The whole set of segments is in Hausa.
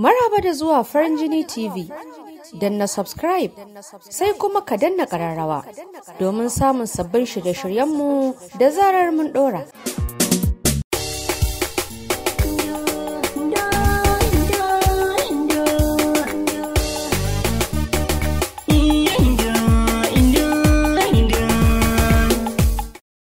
Maraba da zuwa farin jini TV. na subscribe sai kuma ka danna kararrawa domin samun sabbin shirye-shiryenmu da zarar mun ɗora.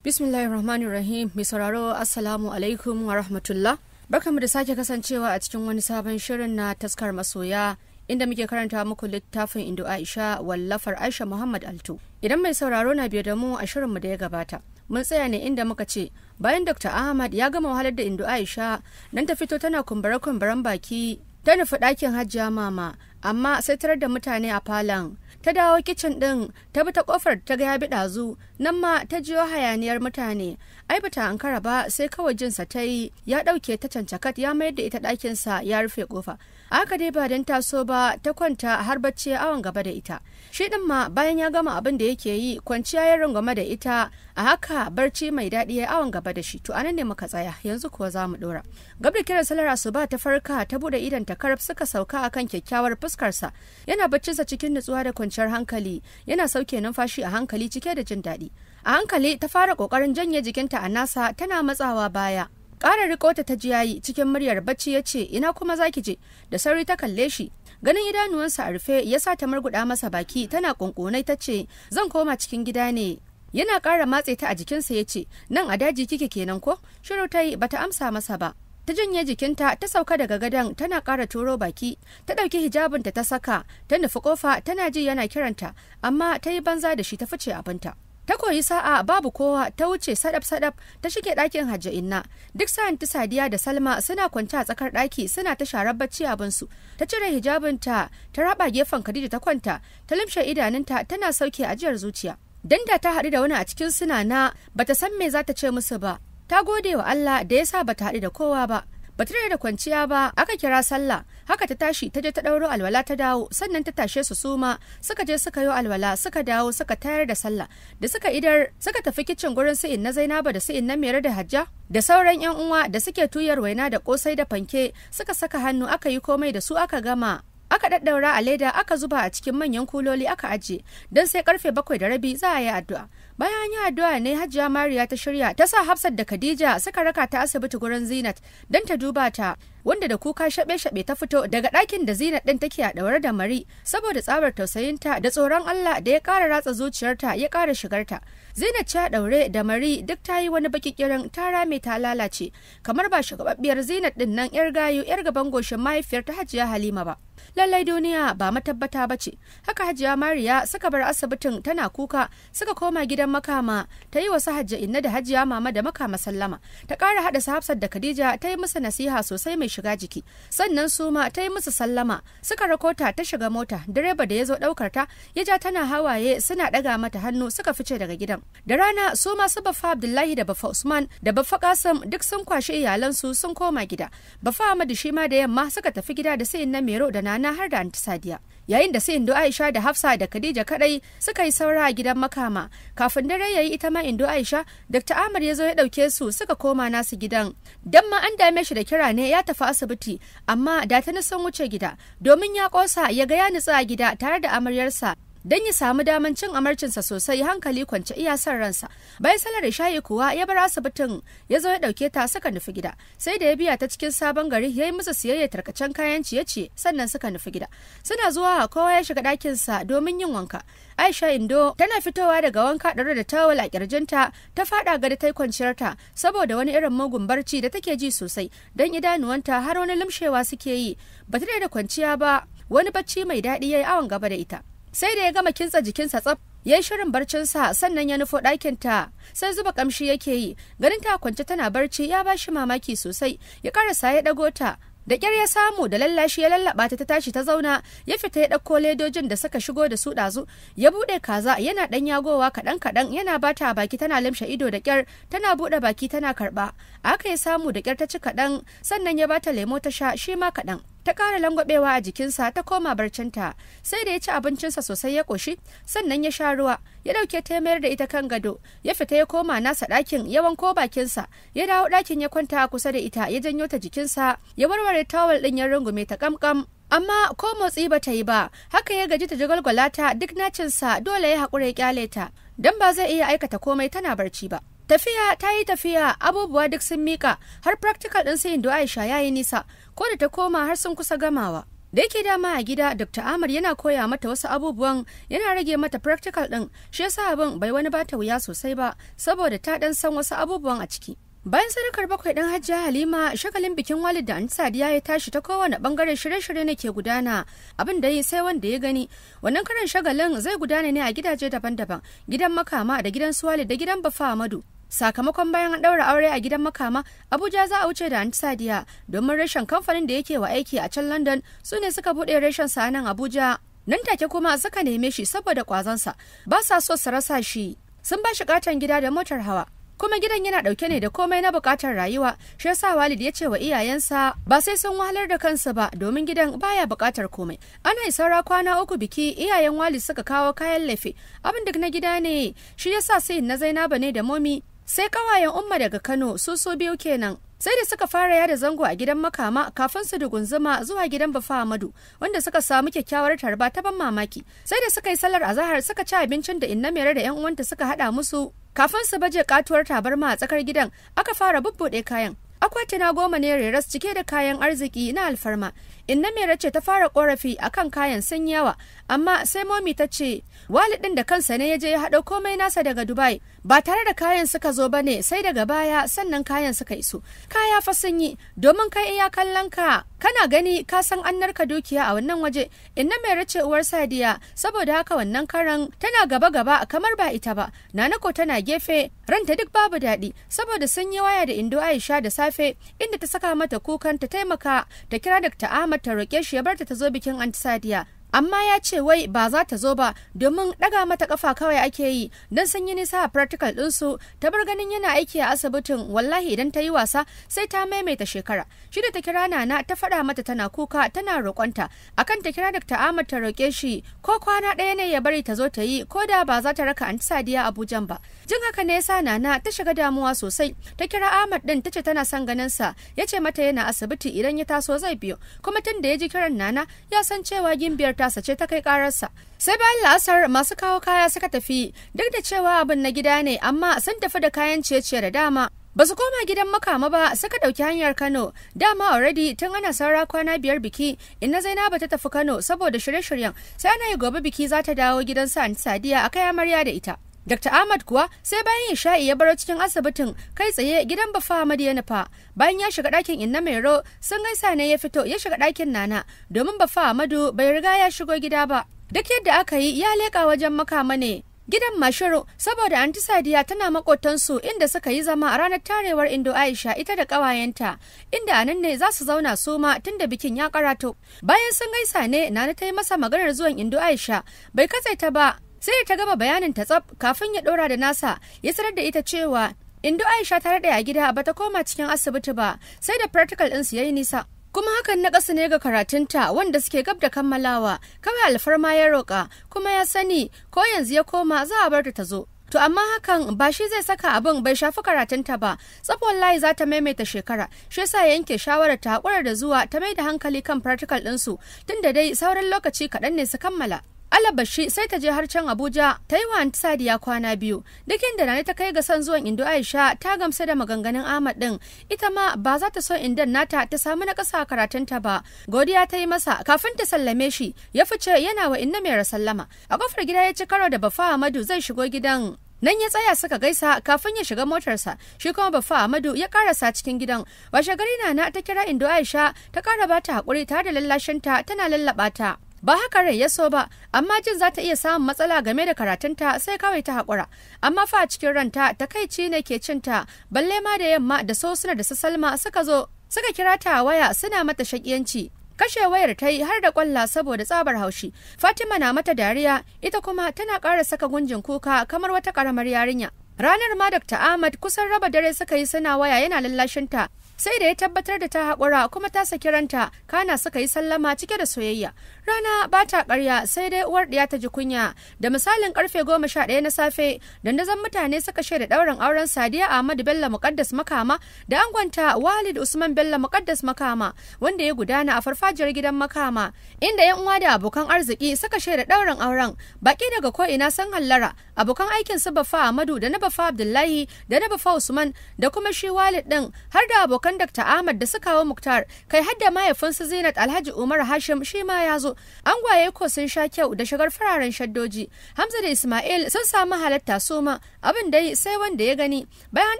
Bismillahirrahmanirrahim, mai sauraro Assalamu alaikum wa rahmatullah. mu da sake kasancewa a cikin wani sabon shirin na taskar masoya inda muke karanta muku littafin Indo Aisha wallafar Aisha Muhammad Alto. Idan mai sauraro na biye da mu a shirinmu da ya gabata, mun tsaya ne inda muka ce bayan Dr. Ahmad ya gama wahalar da Indo Aisha nan ta fito tana kumbare-kumbaren baki ta nufi ɗakin hajjiya mama amma sai tarar da mutane a falon ta dawo kicin ɗin ta bi ta kofar ta ga ya bi ɗazu nan ma ta jiyo hayaniyar mutane ai bata ankara ba sai kawai jinsa ta yi ya ɗauke ta cancakat ya mayar da ita ɗakinsa ya rufe kofa aka dai ba don taso ba ta kwanta har bacci awon gaba da ita shi ɗin ma bayan ya gama abin da yake yi kwanciya ya rungume da ita a haka barci mai daɗi ya awon gaba da shi to anan ne muka tsaya yanzu kuwa za mu ɗora gab da salara su ba ta farka ta buɗe idan ta karab suka sauka akan kyakkyawar fuskarsa yana baccinsa cikin nutsuwa da kwanciyar hankali yana sauke numfashi a hankali cike da jin daɗi a hankali ta fara ƙoƙarin janye jikinta a nasa tana matsawa baya ƙara rikota ta ji yayi cikin muryar bacci ya ce ina kuma zaki je da sauri ta kalle shi ganin idanuwansa a rufe ya sa ta murguɗa masa baki tana ƙunƙunai ta ce zan koma cikin gida ne yana ƙara matse ta a jikinsa ya ce nan a daji kike kenan ko shiru ta bata amsa masa ba ta janye jikinta ta sauka daga gadon tana ƙara turo baki ta ɗauki hijabinta ta saka ta nufi ƙofa tana ji yana kiranta amma ta yi banza da shi ta fice abinta ta koyi sa'a babu kowa ta wuce sadaf sadaf ta shige ɗakin hajja inna duk sa'an ta sadiya da salma suna kwance a tsakar ɗaki suna ta sharar bacci abinsu ta cire hijabinta ta raba gefen khadija ta kwanta ta limshe idanunta tana sauke ajiyar zuciya danda ta haɗu da wani a cikin suna na bata san me za ta ce musu ba ta gode wa Allah da ya sa bata haɗu da kowa ba Ba ta da kwanciya ba aka kira sallah haka ta tashi ta je ta ɗauro alwala ta dawo sannan ta tashe su suma suka je suka yi alwala suka dawo suka tayar da sallah da suka idar suka tafi kicin gurin su na Zainaba da su na Mere da Hajja da sauran yan uwa da suke tuyar waina da kosai da fanke suka saka hannu aka yi komai da su aka gama aka daddaura a leda aka zuba a cikin manyan kuloli aka aje don sai karfe bakwai da rabi za a yi addu'a bayan an yi addu'a ne hajiya mariya ta shirya ta sa hafsat da khadija suka raka ta asibiti gurin zinat don ta duba ta wanda da kuka shaɓe-shaɓe ta fito daga ɗakin da zinat ɗin take a ɗaure da mari saboda tsabar tausayinta da tsoron allah da ya ƙara ratsa zuciyarta ya ƙara shigarta Zainab ta daure da Mari duk ta yi wani baki kiran ta rame ta lalace kamar ba shugababbiyar Zainab din nan yar gayu yar gaban goshin mahaifiyar ta Hajiya Halima ba. Lallai duniya ba matabbata ba ce. Haka Hajiya Mariya suka bar asibitin tana kuka suka koma gidan makama ta yi wasu Hajja Inna da Hajiya Mama da makama sallama. Ta kara haɗa su Hafsat da Khadija ta yi musu nasiha sosai mai shiga jiki. Sannan su ma ta yi musu sallama suka rakota ta shiga mota direba da ya zo ɗaukar ta ya ja tana hawaye suna daga mata hannu suka fice daga gidan. da rana su masu bafa abdullahi da bafa usman da bafa kasim duk sun kwashe iyalansu sun koma gida bafa amadu shi ma da yamma suka tafi gida da sayin na mero da nana har da anti sadiya yayin da sayin aisha da hafsa da khadija kadai suka yi saura a gidan makama kafin dare yayi ita ma indo aisha dr amar ya zo ya dauke su suka koma nasu gidan dan ma an dame shi da kira ne ya tafi asibiti amma da ta sun wuce gida domin ya kosa ya ga ya nutsa a gida tare da amaryarsa don ya samu daman cin amarcinsa sosai hankali kwance iya son ransa bayan salar shayi kuwa ya bar asibitin ya zo ya dauke ta suka nufi gida sai da ya biya ta cikin sabon gari ya yi musu siyayya tarkacen kayan ciye-ciye sannan suka nufi gida suna zuwa kowa ya shiga sa domin yin wanka aisha indo tana fitowa daga wanka ɗaure da tawul a kirjinta ta faɗa gada ta kwanciyar ta saboda wani irin mugun barci da take ji sosai don idanuwanta har wani limshewa suke yi ba ta da kwanciya ba wani bacci mai daɗi ya yi awon gaba da ita sai da ya gama kintsa jikinsa tsaf ya yi shirin sa sannan ya nufo ɗakinta sai zuba kamshi yake yi ganin ta kwance tana barci ya ba shi mamaki sosai ya karasa ya ɗago ta da ƙyar ya samu da lallashi ya lallaɓa ta ta tashi ta zauna ya fita ya ɗauko ledojin da suka shigo da su ɗazu ya buɗe kaza yana ɗan yagowa kaɗan kaɗan yana bata baki tana lamshe ido da ƙyar tana buɗe baki tana karɓa aka ya samu da ƙyar ta ci kaɗan sannan ya bata lemo ta sha shi ma kaɗan ta ƙara langwabewa a jikinsa ta koma barcinta sai da ya ci abincinsa sosai ya ƙoshi sannan ya sha ruwa ya ɗauke ta mayar da ita kan gado ya fita ya koma nasa ɗakin ya wanko bakinsa ya dawo ɗakin ya kwanta kusa da ita ya janyo ta jikinsa ya warware tawul ɗin ya rungume ta ƙamƙam amma ko motsi ba ta yi ba haka ya gaji ta gwalgwala ta duk nacinsa dole ya haƙura ya kyale ta don ba zai iya aikata komai tana barci ba tafiya ta yi tafiya abubuwa duk sun mika har practical ɗin sayin indo aisha ya yi nisa ko da ta koma har sun kusa gamawa da yake dama a gida dr amar yana koya mata wasu abubuwan yana rage mata practical ɗin, shi yasa abin bai wani bata wuya sosai ba saboda ta ɗan san wasu abubuwan a ciki bayan sadakar bakwai dan Hajji halima Shagalin bikin walid da anti sadiya ya tashi ta kowane bangare shirye-shirye ne ke gudana abin da yi sai wanda ya gani wannan karin shagalin zai gudana ne a gidaje daban-daban gidan makama da gidan su walid da gidan bafa amadu sakamakon bayan an ɗaura aure a gidan makama abuja za a wuce da anti sadiya domin reshen kamfanin da yake wa aiki a can london su ne suka buɗe reshen sa nan abuja nan take kuma suka neme shi saboda kwazonsa ba sa so su rasa shi sun ba shi katon gida da motar hawa kuma gidan yana dauke ne da komai na bukatar rayuwa shi yasa walid ya ce wa iyayensa ba sai sun wahalar da kansa ba domin gidan baya bukatar komai ana yi kwana uku biki iyayen walid suka kawo kayan lafe abin da na gida ne shi yasa sai na zainaba ne da momi sai kawayen umma daga kano su su biyu kenan sai da suka fara yada zango a gidan makama kafin su da gunzuma zuwa gidan bafa amadu wanda suka samu kyakkyawar tarba ta ban mamaki sai da suka yi sallar azahar suka ci abincin da inna mere da yan uwanta suka hada musu kafin su baje katuwar tabarma a tsakar gidan aka fara bubbuɗe kayan akwatina goma ne reras cike da kayan arziki na alfarma Inna Mera ce ta fara korafi akan kayan sun yawa, amma sai momi ta ce walidin da kansa ne ya je ya haɗo komai nasa daga Dubai ba tare da kayan suka zo ba ne sai daga baya sannan kayan suka iso. Kaya fa sun yi domin kai iya kallon ka kana gani ka san an narka dukiya a wannan waje. Inna Mera ce uwar Sadiya saboda haka wannan karan tana gaba gaba kamar ba ita ba. nana ko tana gefe ranta duk babu daɗi saboda sun yi waya da Indo Aisha da safe inda ta saka mata kukan ta taimaka ta kira Dr. Ahmad Ahmad ta roƙe shi ya barta ta zo bikin Antisadiya amma ya ce wai ba za ta zo ba domin ɗaga mata kafa kawai ake yi don sun yi nisa a practical ɗinsu ta bar ganin yana aiki a asibitin wallahi idan ta yi wasa sai ta maimaita shekara shi da ta kira nana ta faɗa mata tana kuka tana roƙonta akan ta kira dakta Ahmad ta roƙe shi ko kwana ɗaya ne ya bari ta zo ta yi ko da ba za ta raka anti Sadiya abujan ba jin haka ne yasa nana ta shiga damuwa sosai ta kira Ahmad ɗin ta ce tana son ganin sa ya ce mata yana asibiti idan ya taso zai biyo kuma tun da ya ji kiran nana ya san cewa gimbiyar ta tasa ce ta kai kararsa sai bayan la'asar masu kawo kaya suka tafi duk da cewa abin na gida ne amma sun tafi da kayan ciye-ciye da dama ba su koma gidan makama ba suka ɗauki hanyar kano dama already tun ana saura kwana biyar biki inna zainaba ta tafi kano saboda shirye-shiryen sai ana yi gobe biki za ta dawo gidan sa sadiya a kai amarya da ita Dr. Ahmad kuwa sai bayan sha'i ya baro cikin asibitin kai tsaye gidan Bafa Ahmad ya nufa. Bayan ya shiga ɗakin Inna Mairo sun gaisa ne ya fito ya shiga ɗakin Nana domin Bafa Ahmadu bai riga ya shigo gida ba. Duk yadda aka yi ya leƙa wajen makama ne. Gidan Mashiru saboda Anti Sadiya tana makotansu inda suka yi zama a ranar tarewar Indo Aisha ita da ƙawayenta inda a nan ne za su zauna su ma tunda bikin ya karato. Bayan sun gaisa ne Nana ta yi masa maganar zuwan Indo Aisha bai katsaita ba sai ta gama bayanin ta tsaf kafin ya ɗora da nasa ya sanar da ita cewa indo aisha ta daɗe a gida ba ta koma cikin asibiti ba sai da practical ɗinsu ya yi nisa kuma hakan na ƙasa ne ga karatunta wanda suke gab da kammalawa kawai alfarma ya roƙa kuma ya sani ko yanzu ya koma za a bar ta zo To amma hakan ba shi zai saka abin bai shafi karatunta ba, tsafon layi za ta maimaita shekara, shi yasa yanke shawarar ta haƙura da zuwa ta mai da hankali kan practical ɗinsu, tunda dai sauran lokaci kaɗan ne su kammala. Alabashi sai ta je har can Abuja ta yi wa Sadiya kwana biyu. Duk inda Nana ta kai ga son zuwan Indo Aisha ta gamsa da maganganun Ahmad din. Ita ma ba za ta so Indan nata ta samu na karatun karatunta ba. Godiya ta yi masa kafin ta sallame shi ya fice yana wa Inna mai sallama. A kofar gida ya ci karo da Bafa Ahmadu zai shigo gidan Nan ya tsaya suka gaisa kafin ya shiga motarsa, shi kuma Bafa Ahmadu ya karasa cikin gidan. Washe gari na ta kira Indo Aisha ta kara bata hakuri tare da lallashinta tana lallaba ta. ba haka rai ya so ba amma jin za ta iya samun matsala game da karatunta sai kawai ta haƙura amma fa a cikin ranta takaici ne ke cinta balle ma da yamma da sosuna da sasalma, suka zo suka kira ta waya suna mata shakiyanci kashe wayar ta yi har da kwalla saboda tsabar haushi fatima na mata dariya ita kuma tana ƙara saka gunjin kuka kamar wata ƙaramar yarinya ranar ma dr ahmad kusan raba dare suka yi suna waya yana lallashinta sai da ya tabbatar da ta haƙura kuma ta saki ranta kana suka yi sallama cike da soyayya rana ba ta ƙarya sai dai uwar ɗiya ta ji kunya da misalin karfe goma sha ɗaya na safe dandazon mutane suka shaida ɗaurin auren sadiya ahmadu bello muƙaddas makama da angonta walid usman bello muƙaddas makama wanda ya gudana a farfajiyar gidan makama inda yan uwa da abokan arziki suka shaida ɗaurin auren baki daga ko ina sun hallara abokan aikin su bafa ahmadu da na bafa abdullahi da na bafa usman da kuma shi walid ɗin har da abokan abokan Dr. Ahmad da suka hau Muktar kai har da mahaifinsu Zainat Alhaji Umar Hashim shi ma ya zo. Angwaye ko sun sha kyau da shigar fararen shaddoji. Hamza da Ismail sun samu halatta su ma abin dai sai wanda ya gani. Bayan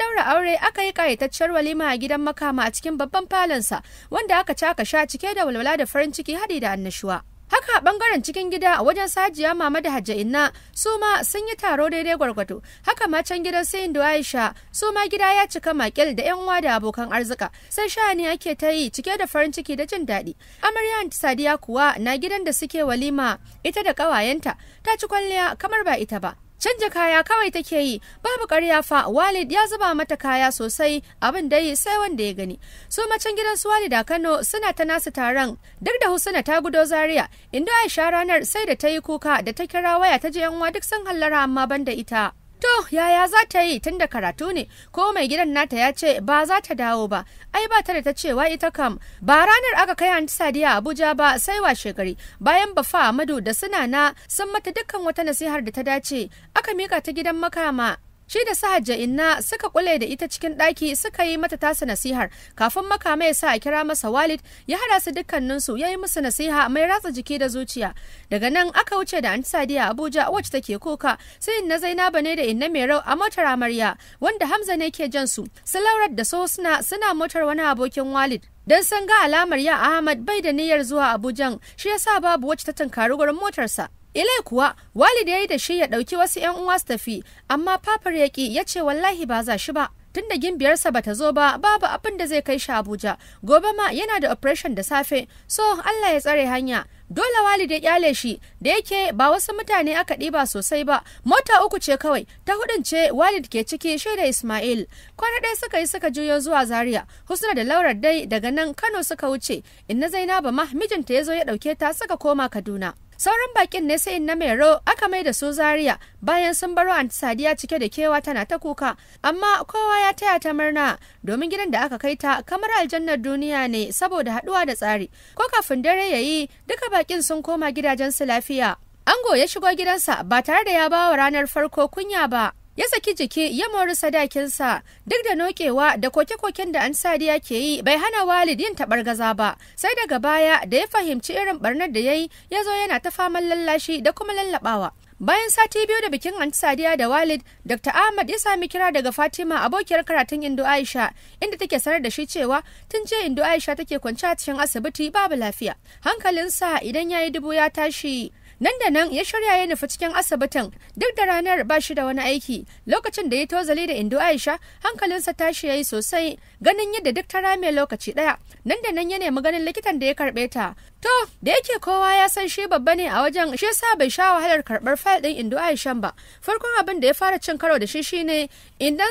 daura aure aka yi kayataccen walima a gidan makama a cikin babban falansa wanda aka caka sha cike da walwala da farin ciki haɗi da annashuwa. haka bangaren cikin gida a wajen sajiya mama da hajja inna su ma sun yi taro daidai gwargwado haka ma can gidan sayin da aisha su ma gida ya cika makil da yan uwa da abokan arzika sai ne ake ta yi cike da farin ciki da jin daɗi amarya sadiya kuwa na gidan da suke walima ita da ƙawayenta ta ci kwalliya kamar ba ita ba canja kaya kawai take yi babu ƙarya fa walid ya zuba mata kaya sosai abin dai sai wanda ya gani su macen gidan su walid a kano suna ta nasu taron duk da husuna ta gudo zaria inda aisha ranar sai da ta yi kuka da ta kira waya ta je yanwa duk sun hallara amma banda ita To yaya za ta yi tun da karatu ne ko mai gidan nata ya ce ba za ta dawo ba ai ba ta da ta cewa ita kam ba ranar aka kai anti sadiya abuja ba sai wa gari bayan bafa amadu da suna na sun mata dukkan wata nasihar da ta dace aka mika ta gidan makama Shi da su hajja inna suka kule da ita cikin ɗaki suka yi mata tasa nasihar kafin makamai sa a kira masa Walid ya hada su dukkaninsu ya yi musu nasiha mai ratsa jiki da zuciya. Daga nan aka wuce da Anti Sadiya Abuja wacce take kuka sai na Zainaba ne da inna Merau a motar amarya wanda Hamza ne ke jan su. Su laurar da so suna motar wani abokin Walid don san ga alamar ya Ahmad bai da niyyar zuwa Abuja, shi yasa babu wacce ta tunkari gurin motarsa. ilai kuwa walida ya yi da shi ya ɗauki wasu 'yan uwa su tafi, amma papar ya ya ce wallahi ba za shi ba. tun da gimbiyarsa ta zo ba babu abin da zai kai shi Abuja gobe ma yana da operation da safe so Allah ya tsare hanya dole walida kyale shi da yake ba wasu mutane aka ɗiba sosai ba mota uku ce kawai ta hudun ce walid ke ciki shaida Ismail kwana ɗaya suka yi suka juyo zuwa Zaria Husna da Laura dai daga nan Kano suka wuce inna zainabu ma mijinta ya zo ya ɗauke ta suka koma Kaduna sauran bakin ne sai na mero aka mai da su zaria bayan sun baro antisadiya sadiya cike da kewa tana ta kuka amma kowa ya taya ta murna domin gidan da aka kai ta kamar aljannar duniya ne saboda haduwa da tsari ko kafin dare ya yi, duka bakin sun koma gidajensu lafiya ango ya shigo gidansa ba tare da ya bawa ranar farko kunya ba ya saki jiki ya mori sadakinsa duk da nokewa da koke-koken da ansariya ke yi bai hana walid yin taɓar gaza ba sai daga baya da ya fahimci irin barnar da ya yi ya zo yana ta faman lallashi da kuma lallabawa bayan sati biyu da bikin ansariya da walid dr ahmad ya sami kira daga fatima abokiyar karatun indo aisha inda take sanar da shi cewa tun je indo aisha take kwance a cikin asibiti babu lafiya hankalinsa idan ya yi dubu ya tashi nan da nan ya shirya ya nufi cikin asibitin duk da ranar ba shi da wani aiki lokacin da ya tozali da indo aisha hankalinsa tashi ya yi sosai ganin yadda duk ta rame lokaci daya nan da nan ya nemi ganin likitan da ya karbe ta to da yake kowa ya san shi babba ne a wajen shi yasa bai sha wahalar karbar fayil din indo aisha ba farkon abin da ya fara cin karo da shi shine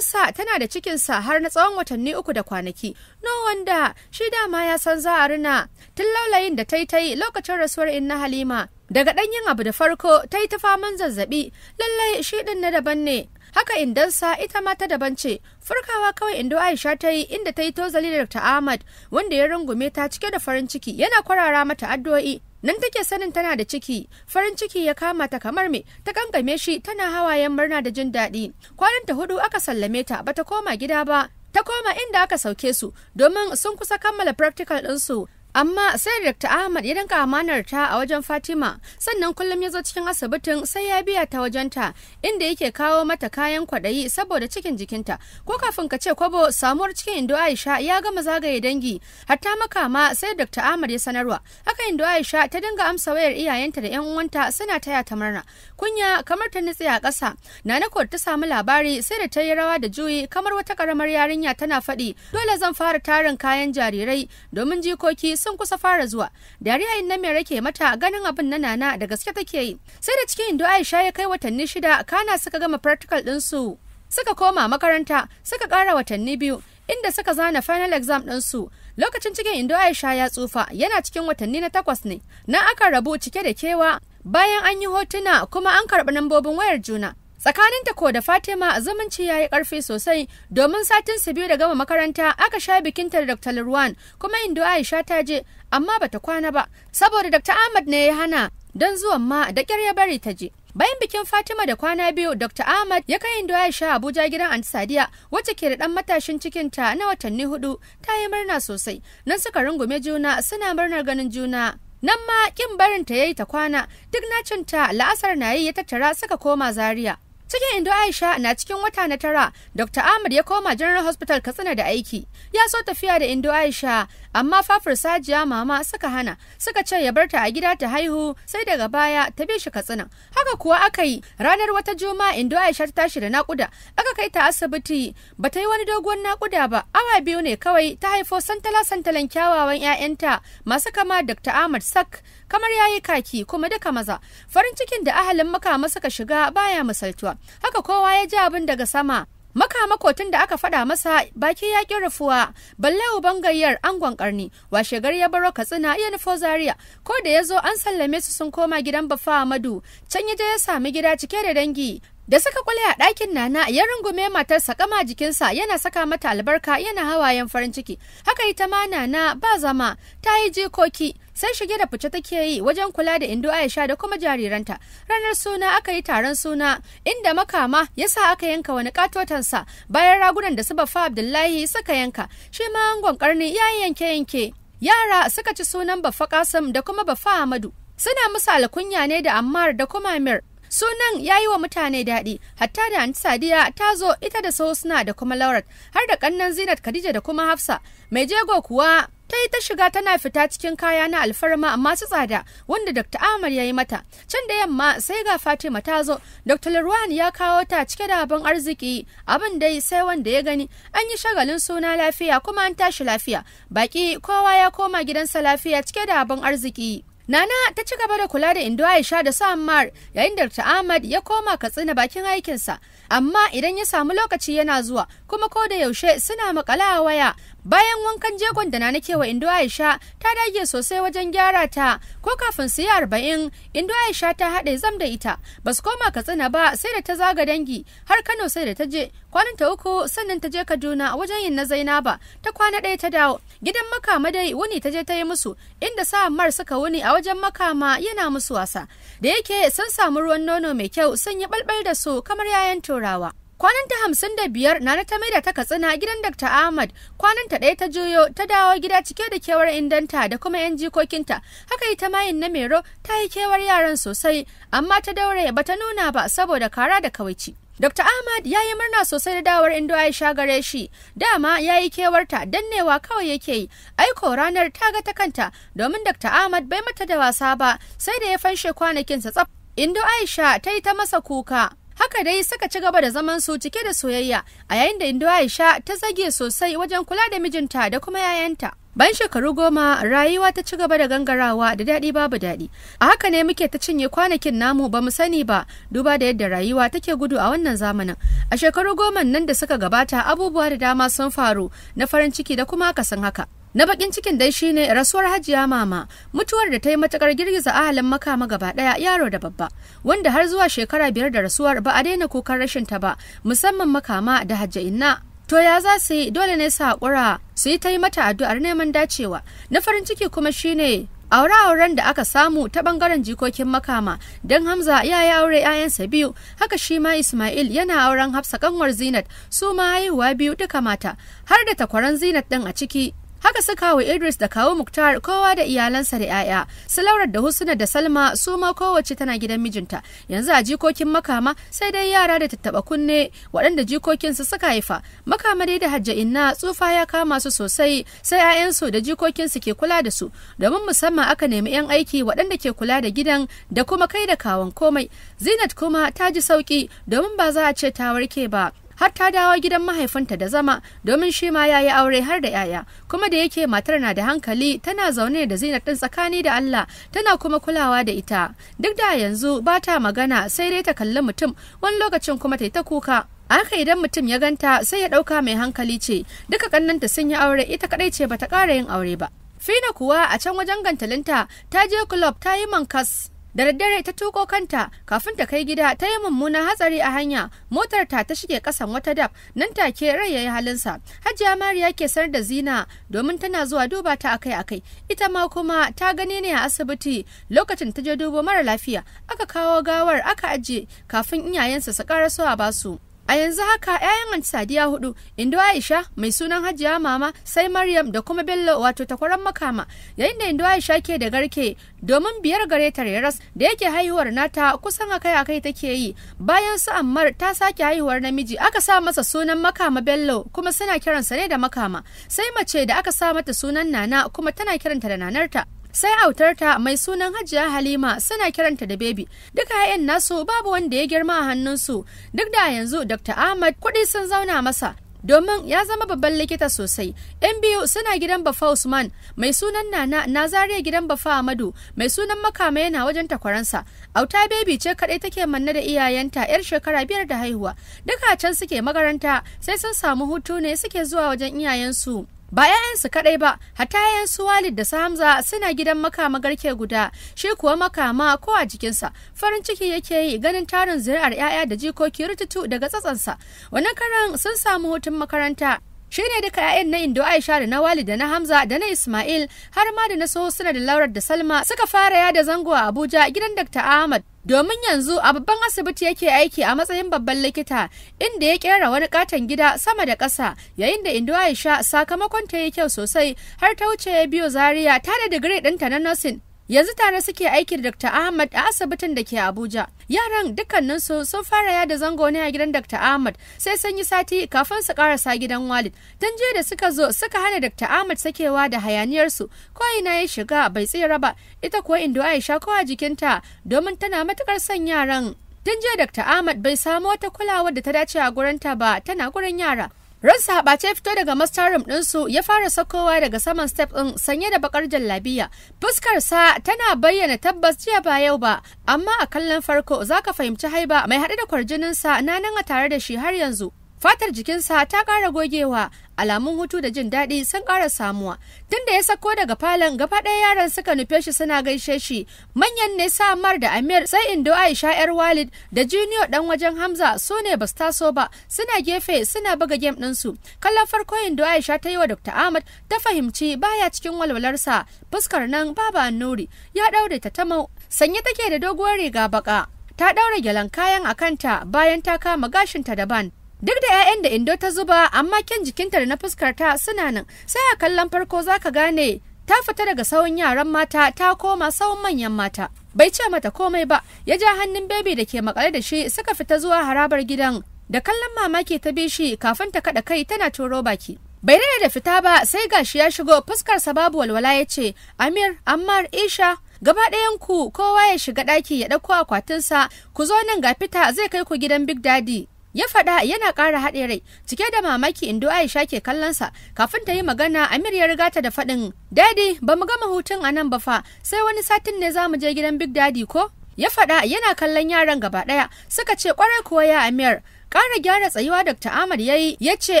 sa tana da cikin sa har na tsawon watanni uku da kwanaki no wanda shi dama ya san za a rina tun laulayin da ta yi lokacin rasuwar inna halima daga ɗanyen abu da farko ta yi ta faman zazzaɓi lallai shi ɗin na daban ne haka indansa ita ma ta daban ce furkawa kawai indo aisha ta yi inda ta yi tozali da dr ahmad wanda ya rungume ta cike da farin ciki yana kwarara mata addu'o'i nan take sanin tana da ciki farin ciki ya kama ta kamar me ta kankame shi tana hawayen murna da jin daɗi kwanan ta hudu aka sallame ta bata koma gida ba ta koma inda aka sauke su domin sun kusa kammala practical ɗinsu amma sai dr ahmad ya danka amanar ta a wajen fatima sannan kullum ya zo cikin asibitin sai ya biya ta wajen ta inda yake kawo mata kayan kwaɗayi saboda cikin jikinta ko kafin ka ce kwabo samuwar cikin indo aisha ya gama zagaye dangi hatta makama sai dr ahmad ya sanarwa haka indo aisha ta dinga amsa wayar iyayenta da yan uwanta suna taya ta murna kunya kamar ta nutse a ƙasa nana kuwa ta samu labari sai da ta yi rawa da juyi kamar wata karamar yarinya tana faɗi dole zan fara tarin kayan jarirai domin jikoki sun kusa fara zuwa dariya in na mai rake mata ganin abin na nana da gaske take yi sai da cikin indo aisha ya kai watanni shida kana suka gama practical su suka koma makaranta suka kara watanni biyu inda suka zana final exam din su lokacin cikin indo aisha ya tsufa yana cikin watanni na takwas ne na aka rabu cike da kewa bayan an yi hotuna kuma an karɓi lambobin wayar juna Tsakaninta ko da Fatima zumunci ya yi ƙarfi sosai domin satin su biyu da gama makaranta aka sha bikinta da Dr. Lurwan kuma Indo Aisha ta je amma bata kwana ba saboda Dr. Ahmad ne ya hana don zuwan ma da ƙyar ya bari ta je. Bayan bikin Fatima da kwana biyu, Dr. Ahmad ya kai Indo Aisha Abuja gidan Aunt Sadiya, wacce ke da ɗan matashin cikin ta na watanni hudu, ta yi murna sosai. Nan suka rungume juna, suna murnar ganin juna. Nan ma kin barin ta yayi ta kwana, duk na ta la'asar na yi ya tattara suka koma Zaria. Cikin Indo Aisha na cikin wata na tara, Dr. Ahmad ya koma General Hospital Katsina da aiki. Ya so tafiya da Indo Aisha, amma fafar sajiya mama suka hana, suka ce ya barta a gida ta haihu, sai daga baya ta bi shi Katsina. Haka kuwa aka yi, ranar wata juma Indo Aisha ta tashi da nakuda, aka kai ta asibiti, ba ta yi wani doguwar nakuda ba, awa biyu ne kawai ta haifo santala santalan kyawawan 'ya'yanta masu kama Dr. Ahmad Sak kamar yayi kaki kuma duka maza farin cikin da ahalin makama suka shiga baya misaltuwa haka kowa ya ji abin daga sama makamakotin da aka faɗa masa baki ya ƙi rufuwa balle uban gayyar angon ƙarni washe gari ya baro katsina iya nufo zaria ko da ya zo an sallame su sun koma gidan bafa amadu can ya je ya sami gida cike da dangi da suka kwale a ɗakin nana ya rungume matarsa kama jikinsa yana saka mata albarka yana hawayen farin ciki haka ita ma nana ba zama ta yi jikoki sai shige da fice take yi wajen kula da indo aisha da kuma jariranta ranar suna aka yi taron suna inda makama ya sa aka yanka wani katotansa bayan ragunan da su bafa abdullahi suka yanka shi ma angon karni ya yanke yanke yara suka ci sunan bafa kasim da kuma bafa amadu suna musu alkunya ne da ammar da kuma amir sunan ya yi wa mutane daɗi hatta da anti sadiya ta zo ita da sahusna da kuma laurat har da kannan zinat khadija da kuma hafsa mai jego kuwa ta yi ta shiga tana fita cikin kaya na alfarma amma su tsada wanda dr amar ya yi mata can da yamma sai ga fatima ta zo dr larwan ya kawo ta cike da abin arziki abin dai sai wanda ya gani an yi shagalin suna lafiya kuma an tashi lafiya baki kowa ya koma gidansa lafiya cike da abin arziki Nana ta ci gaba da kula da Indo Aisha da samar yayin da Ahmad ya koma Katsina bakin aikinsa, amma idan ya samu lokaci yana zuwa kuma ko da yaushe suna makala a waya bayan wankan jegon da na nake wa indo aisha ta dage sosai wajen gyara ta ko kafin su yi arba'in indo aisha ta haɗe zam da ita ba su koma katsina ba sai da ta zaga dangi har kano sai da ta je kwanan ta uku sannan ta je kaduna wajen yin na zainaba ta kwana ɗaya ta dawo gidan makama dai wuni ta je ta yi musu inda sa mar suka wuni a wajen makama yana musu wasa da yake sun samu ruwan nono mai kyau sun yi balbal da su kamar yayan turawa kwanan ta hamsin da biyar na ta maida ta katsina gidan dr ahmad kwanan ta ɗaya ta juyo ta dawo gida cike da kewar indanta da kuma yan jikokinta haka ita mayin na mero ta yi kewar yaran sosai amma ta daure ba ta nuna ba saboda kara da kawaici Dr. Ahmad ya yi murna sosai da dawar Indo Aisha gare shi, dama ya yi kewarta dannewa kawai yake yi, aiko ranar ta ga ta kanta domin Dr. Ahmad bai mata da wasa ba sai da ya fanshe kwanakinsa tsaf. Indo Aisha ta yi ta masa kuka. Haka dai suka ci gaba da zaman su cike da soyayya a yayin da Indo Aisha ta zage sosai wajen kula da mijinta da kuma yayanta. Ban shekaru goma rayuwa ta ci gaba da gangarawa da daɗi babu daɗi. A haka ne muke ta cinye kwanakin namu ba mu sani ba duba da yadda rayuwa take gudu a wannan zamanin. A shekaru goma nan da suka gabata abubuwa da dama sun faru na farin ciki da kuma kasan haka. na bakin cikin dai shine rasuwar hajiya mama mutuwar da ta yi matakar girgiza ahalin makama gaba daya yaro da babba wanda har zuwa shekara biyar da rasuwar ba a daina kukan rashin ta ba musamman makama da hajja inna to ya za su yi dole ne su haƙura su yi ta yi mata addu'ar neman dacewa na farin ciki kuma shine aure-auren da aka samu ta bangaren jikokin makama don hamza ya yi aure 'ya'yansa biyu haka shi ma ismail yana auren hafsa kanwar zinat su ma haihuwa biyu duka mata har da takwaran zinat ɗin a ciki haka su kawo idris da kawo muktar kowa da iyalansa da 'ya'ya su laurar da husna da salma su ma kowace tana gidan mijinta yanzu a jikokin makama sai dai yara da tattaba kunne waɗanda jikokin su suka haifa makama dai da hajja inna tsufa ya kama su sosai sai 'ya'yansu da jikokin su ke kula da su domin musamman aka nemi 'yan aiki waɗanda ke kula da gidan da kuma kai da kawon komai zinat kuma ta ji sauki domin ba za a ce ta warke ba har ta dawo gidan mahaifinta da zama domin shi ma ya yi aure har da 'ya'ya kuma da yake matar na da hankali tana zaune da zinar ɗin tsakani da Allah tana kuma kulawa da ita duk da yanzu ba ta magana sai dai ta kalli mutum wani lokacin kuma ta yi ta kuka aka idan mutum ya ganta sai ya ɗauka mai hankali ce duka kannanta sun yi aure ita kaɗai ce bata ƙara yin aure ba fina kuwa a can wajen gantalinta ta je club ta yi mankas da daddare ta tuko kanta kafin ta kai gida ta yi mummuna hatsari a hanya motar ta ta shige kasan wata dab nan take rai yayi halinsa hajiya mariya ke sar da zina domin tana zuwa duba ta akai akai ita ma kuma ta gani ne a asibiti lokacin ta je dubo mara lafiya aka kawo gawar aka aje kafin iyayensa su karaso a basu A yanzu haka 'ya'yan Aunt Sadiya hudu, Indo Aisha mai sunan Hajiya Mama, sai Maryam da kuma Bello wato takwaran makama, yayin da Indo Aisha ke da garke domin biyar gare ta ras, da yake haihuwar nata kusan akai akai take yi. Bayan su Ammar ta sake haihuwar namiji aka sa masa sunan makama Bello kuma suna kiransa ne da makama. Sai mace da aka sa mata sunan Nana kuma tana kiranta da nanarta. sai autarta mai sunan hajiya halima suna kiranta da bebi duk yayan nasu babu wanda ya girma a hannunsu duk da yanzu dr ahmad kuɗi sun zauna masa domin ya zama babban likita sosai yan biyu suna gidan bafa usman mai sunan nana na zariya gidan bafa amadu mai sunan makama yana wajen takwaransa auta baby ce kadai take manne da iyayenta yar shekara biyar da haihuwa duka can suke makaranta sai sun samu hutu ne suke zuwa wajen iyayensu ba yayansu kaɗai ba hatta yayan su walid da su hamza suna gidan makama garke guda shi kuwa makama ko a jikinsa farin ciki yake yi ganin tarin zuri'ar 'ya'ya da jikoki rututu daga tsatsansa wannan karan sun samu hutun makaranta shi ne duka 'ya'yan na indo aisha da na walid da na hamza da na ismail har ma da na so suna da laurar da salma suka fara yada zango a abuja gidan dr ahmad domin yanzu a babban asibiti yake aiki a matsayin babban likita inda ya kera wani katon gida sama da ƙasa yayin da indo aisha sakamakon ta yi kyau sosai har ta wuce ya biyo zaria ta da digiri ɗinta na nursing yanzu tare suke aiki da Dr. Ahmad a asibitin da ke Abuja. Yaran dukkanin su sun fara yada zango ne a gidan Dr. Ahmad sai sun yi sati kafin su karasa gidan Walid. Tun jiya da suka zo suka hana Dr. Ahmad sakewa da hayaniyarsu su ko ina ya shiga bai tsira ba ita kuwa Indo Aisha ko a jikinta domin tana matukar son yaran. Tun jiya Dr. Ahmad bai samu wata kulawar da ta dace a gurinta ba tana gurin yara. Ransa ɓace ya fito daga master room ɗinsu ya fara sakowa daga saman step ɗin sanye da bakar jallabiya. fuskar sa tana bayyana tabbas jiya ba yau ba, amma a kallon farko za ka fahimci haiba mai haɗe da kwarjininsa na nan a tare da shi har yanzu. fatar jikinsa ta ƙara gogewa alamun hutu da jin daɗi sun ƙara samuwa tun da ya sako daga falon gaba ɗaya yaran suka nufe shi suna gaishe shi manyan ne samar da amir sai indo aisha yar walid da junior dan wajen hamza su ne ba su taso ba suna gefe suna buga game ɗinsu kallon farko indo aisha ta yi wa dr ahmad ta fahimci baya cikin walwalarsa fuskar nan baba Annuri, ya ɗaure ta mau sanye take da doguwar riga baka ta ɗaure gyalan kayan a kanta bayan ta kama gashinta daban duk da 'ya'yan da indo ta zuba amma kyan jikinta da na fuskarta suna nan sai a kallon farko za ka gane ta fita daga sauran yaran mata ta koma tsawon manyan mata bai ce mata komai ba ya ja hannun bebe da ke makale da shi suka fita zuwa harabar gidan da kallon mamaki ta bi shi kafin ta kaɗa kai tana turo baki bai da fita ba sai gashi ya shigo fuskarsa babu walwala ya ce amir ammar isha gaba ɗayan ku kowa ya shiga ɗaki ya ɗauko akwatinsa ku zo nan ga fita zai kai ku gidan big dadi. ya faɗa yana ƙara haɗe rai cike da mamaki indo aisha ke kallonsa kafin ta yi magana amir ya riga ta da faɗin dadi ba mu gama hutun a nan ba fa sai wani satin ne za mu je gidan big daddy ko ya faɗa yana kallon yaran gaba ɗaya suka ce kwarai kuwa ya amir ƙara gyara tsayuwa dr ahmad ya yi ya ce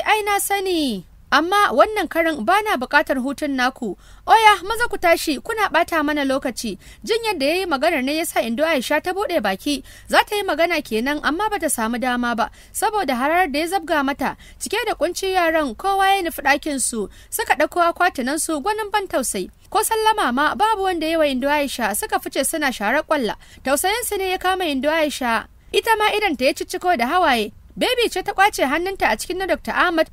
ai na sani amma wannan karin bana bukatar hutun naku oya maza ku tashi kuna bata mana lokaci jin yadda yayi maganar ne yasa indo aisha ta bude baki za ta yi magana kenan amma bata samu dama ba saboda harar da ya zabga mata cike da kunci yaran kowa ya nufi ɗakin su suka ɗauko akwatunan su gwanin ban tausayi ko sallama ma babu wanda yawa indo aisha suka fice suna sharar kwalla tausayin su ne ya kama indo aisha ita ma idan ta ya cicciko da hawaye Baby ce ta kwace hannunta a cikin na Dr. Ahmad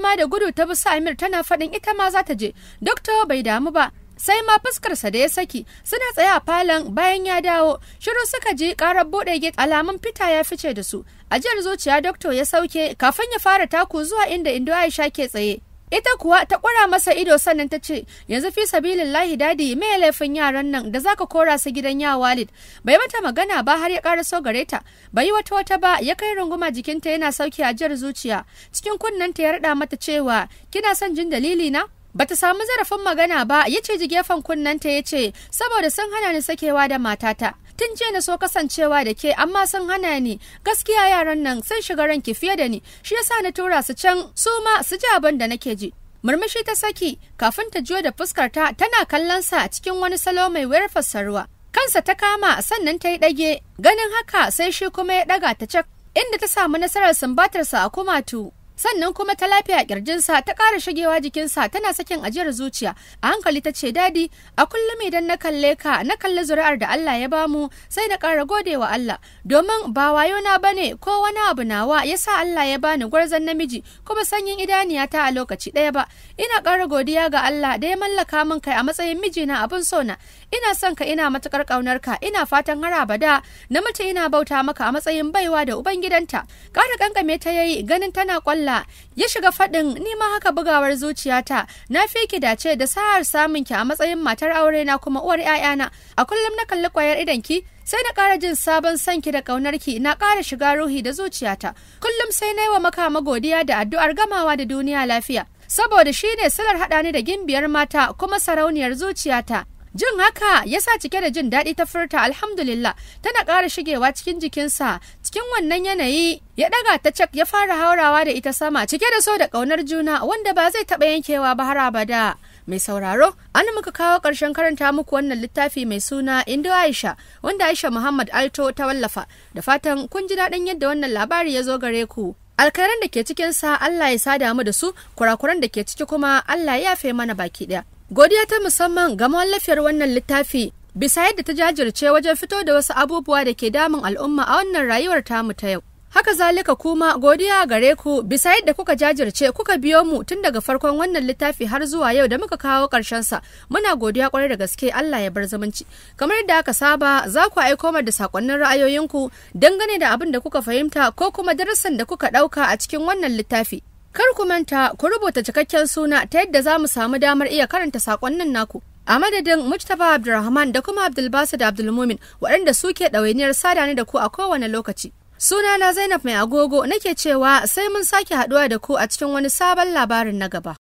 ma da gudu ta bisa su amir tana faɗin ita ma za ta je dokta bai damu ba sai ma fuskarsa da ya saki suna tsaye a falon bayan ya dawo shiru suka ji karar bude gate alamun fita ya fice da su ajiyar zuciya doktor ya sauke kafin ya fara taku zuwa inda indo aisha ke tsaye ita kuwa ta kwara masa ido sannan ta ce yanzu fi sabilillahi dadi me laifin yaran nan da zaka kora su gidan ya walid bai mata magana ba har ya so gare ta bai yi wata wata ba ya kai runguma jikinta yana sauki a jar zuciya cikin ta ya rada mata cewa kina son jin dalili na bata samu zarafin magana ba ya ce gefen kunnanta ya ce saboda sun hana ni sakewa da matata tun jiya na so kasancewa da ke amma sun hana ni gaskiya yaran nan sun shiga ranki fiye da ni shi yasa na tura su can su ma su ji abin da nake ji murmushi ta saki kafin ta juyo da fuskarta tana kallon sa cikin wani salo mai wayar fassarwa kansa ta kama sannan ta yi ɗage ganin haka sai shi kuma ya ɗaga ta cak inda ta samu nasarar sumbatarsa a kumatu sannan kuma ta lafiya kirjinsa ta ƙara shagewa jikinsa tana sakin ajiyar zuciya a hankali ta ce dadi a kullum idan na kalle ka na kalli zuri'ar da Allah ya bamu sai na ƙara gode wa Allah domin ba wayo na bane ko wani abu nawa yasa Allah ya bani gwarzon namiji kuma sanyin idaniya ta a lokaci ɗaya ba ina ƙara godiya ga Allah da ya mallaka min kai a matsayin mijina abin sona ina son ka ina matukar kaunar ka ina fatan har abada na mace ina bauta maka a matsayin baiwa da ubangidanta ƙara kankame ta yayi ganin tana kwalla ya shiga faɗin ni ma haka bugawar zuciyata na fi ki dace da sa'ar samun ki a matsayin matar aure na kuma uwar 'ya'yana a kullum na kalli kwayar idan ki sai na ƙara jin sabon son ki da ƙaunar ki na ƙara shiga ruhi da zuciyata kullum sai na yi wa makama godiya da addu'ar gamawa da duniya lafiya saboda shine ne silar haɗa ni da gimbiyar mata kuma sarauniyar zuciyata Jin haka ya sa cike da jin daɗi ta furta alhamdulillah tana ƙara shigewa cikin jikinsa cikin wannan yanayi ya ɗaga ta cak ya fara haurawa da ita sama cike da so da ƙaunar juna wanda ba zai taɓa yankewa ba har abada. Mai sauraro, an muka kawo ƙarshen karanta muku wannan littafi mai suna Indo Aisha wanda Aisha Muhammad Alto ta wallafa da fatan kun ji daɗin yadda wannan labari ya zo gare ku. alkaran da ke cikinsa Allah ya sada mu da su kurakuran da ke ciki kuma Allah ya yafe mana baki ɗaya. Godiya ta musamman ga mawallafiyar wannan littafi bisa yadda ta jajirce wajen fito da wasu abubuwa da ke damun al'umma a wannan rayuwar tamu ta yau. Haka zalika kuma godiya gare ku bisa yadda kuka jajirce kuka biyo mu tun daga farkon wannan littafi har zuwa yau da muka kawo sa muna godiya kwarai da gaske Allah ya bar zumunci. Kamar yadda aka saba za ku aiko mana da sakonnin ra'ayoyinku dangane da abin da kuka fahimta ko kuma darasin da kuka ɗauka a cikin wannan littafi. Kar ku manta ku rubuta cikakken suna ta yadda za mu samu damar iya karanta sakonnin naku. A madadin Mujtaba Abdulrahman da kuma Abdulbasir da Abdulmumin waɗanda suke ɗawainiyar sada ni da ku a kowane lokaci. Suna na Zainab Mai Agogo nake cewa sai mun sake haɗuwa da ku a cikin wani sabon labarin na gaba.